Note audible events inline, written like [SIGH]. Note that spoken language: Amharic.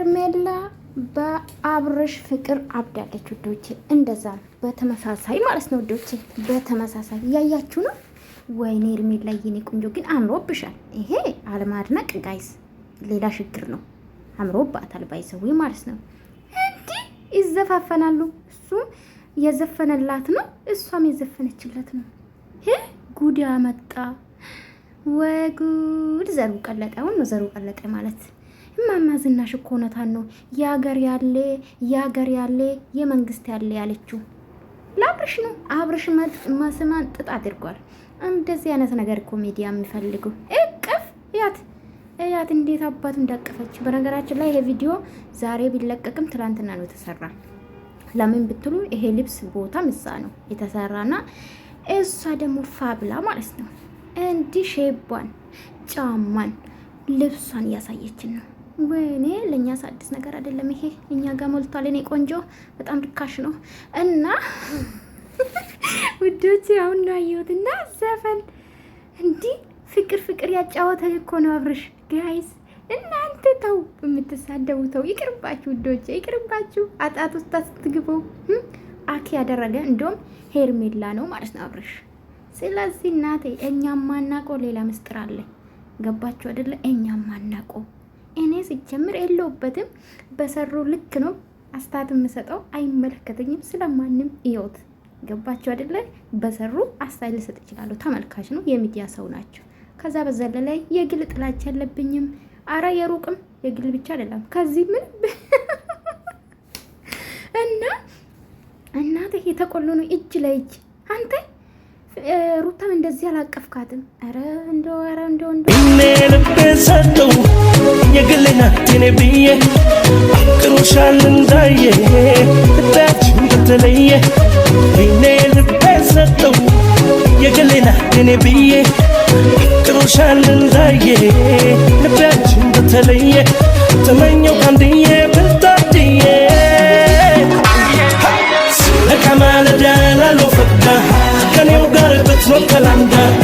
ሄርሜላ በአብርሽ ፍቅር አብዳለች ውዶቼ። እንደዛ ነው፣ በተመሳሳይ ማለት ነው ውዶቼ፣ በተመሳሳይ እያያችሁ ነው። ወይኔ ሄርሜላ የኔ ቆንጆ ግን አምሮብሻል። ይሄ አለማድነቅ ጋይስ ሌላ ችግር ነው። አምሮባታል ባይሰዊ ማለት ነው። እንዲህ ይዘፋፈናሉ። እሱም የዘፈነላት ነው፣ እሷም የዘፈነችለት ነው። ይህ ጉድ ያመጣ ወይ ጉድ! ዘሩ ቀለጠ። አሁን ነው ዘሩ ቀለጠ ማለት እማማ ዝናሽ እኮ ነው። የሀገር ያለ የሀገር ያለ የመንግስት ያለ ያለችው ለአብርሽ ነው። አብርሽ መስማን ጥጥ አድርጓል። እንደዚህ አይነት ነገር እኮ ሚዲያ የሚፈልገው እቅፍ ያት እያት እንዴት አባቱ እንዳቀፈች። በነገራችን ላይ ይሄ ቪዲዮ ዛሬ ቢለቀቅም ትላንትና ነው የተሰራ። ለምን ብትሉ ይሄ ልብስ ቦታም ምሳ ነው የተሰራና እሷ ደግሞ ፋብላ ማለት ነው እንዲህ ሼቧን ጫማን ልብሷን እያሳየችን ነው። ወይኔ ለእኛ አዲስ ነገር አይደለም ይሄ፣ እኛ ጋር ሞልቷል። እኔ ቆንጆ በጣም ድካሽ ነው። እና ውዶች አሁን ነው ያየሁት። እና ዘፈን እንዲህ ፍቅር ፍቅር ያጫወተ እኮ ነው አብርሽ። ጋይስ እናንተ ተው የምትሳደቡ ተው፣ ይቅርባችሁ ውዶች፣ ይቅርባችሁ። አጣት ውስጥ ስትግቡ አክ ያደረገ እንዲሁም ሄርሜላ ነው ማለት ነው አብርሽ። ስለዚህ እናቴ እኛም ማናቆ ሌላ ምስጢር አለ። ገባችሁ አይደለ? እኛም ማናቆ እኔ ሲጀምር የለውበትም። በሰሩ ልክ ነው አስታት የምሰጠው አይመለከተኝም። ስለማንም እየውት ገባቸው አይደለ? በሰሩ አስታይ ልሰጥ ይችላሉ። ተመልካች ነው፣ የሚዲያ ሰው ናቸው። ከዛ ላይ የግል ጥላች ያለብኝም አረ የሩቅም የግል ብቻ አይደለም ከዚህ ምን [LAUGHS] እና እናትህ ነው እጅ ለእጅ አንተ ሩታም እንደዚህ አላቀፍካትም። አረ እንደው አረ እንደው እንደው የኔ ብዬ አፍቅሮሻል እንዳየ እዳችን በተለየ ኔ ልቤ ሰጠው የገሌና የኔ ብዬ አፍቅሮሻል እንዳየ ልቤያችን በተለየ ተመኘው ካንድዬ ብልጣድዬ ስለካ ማለዳን አሎ ፈቅዳ ከኔው ጋር ብትኖር ተላምዳ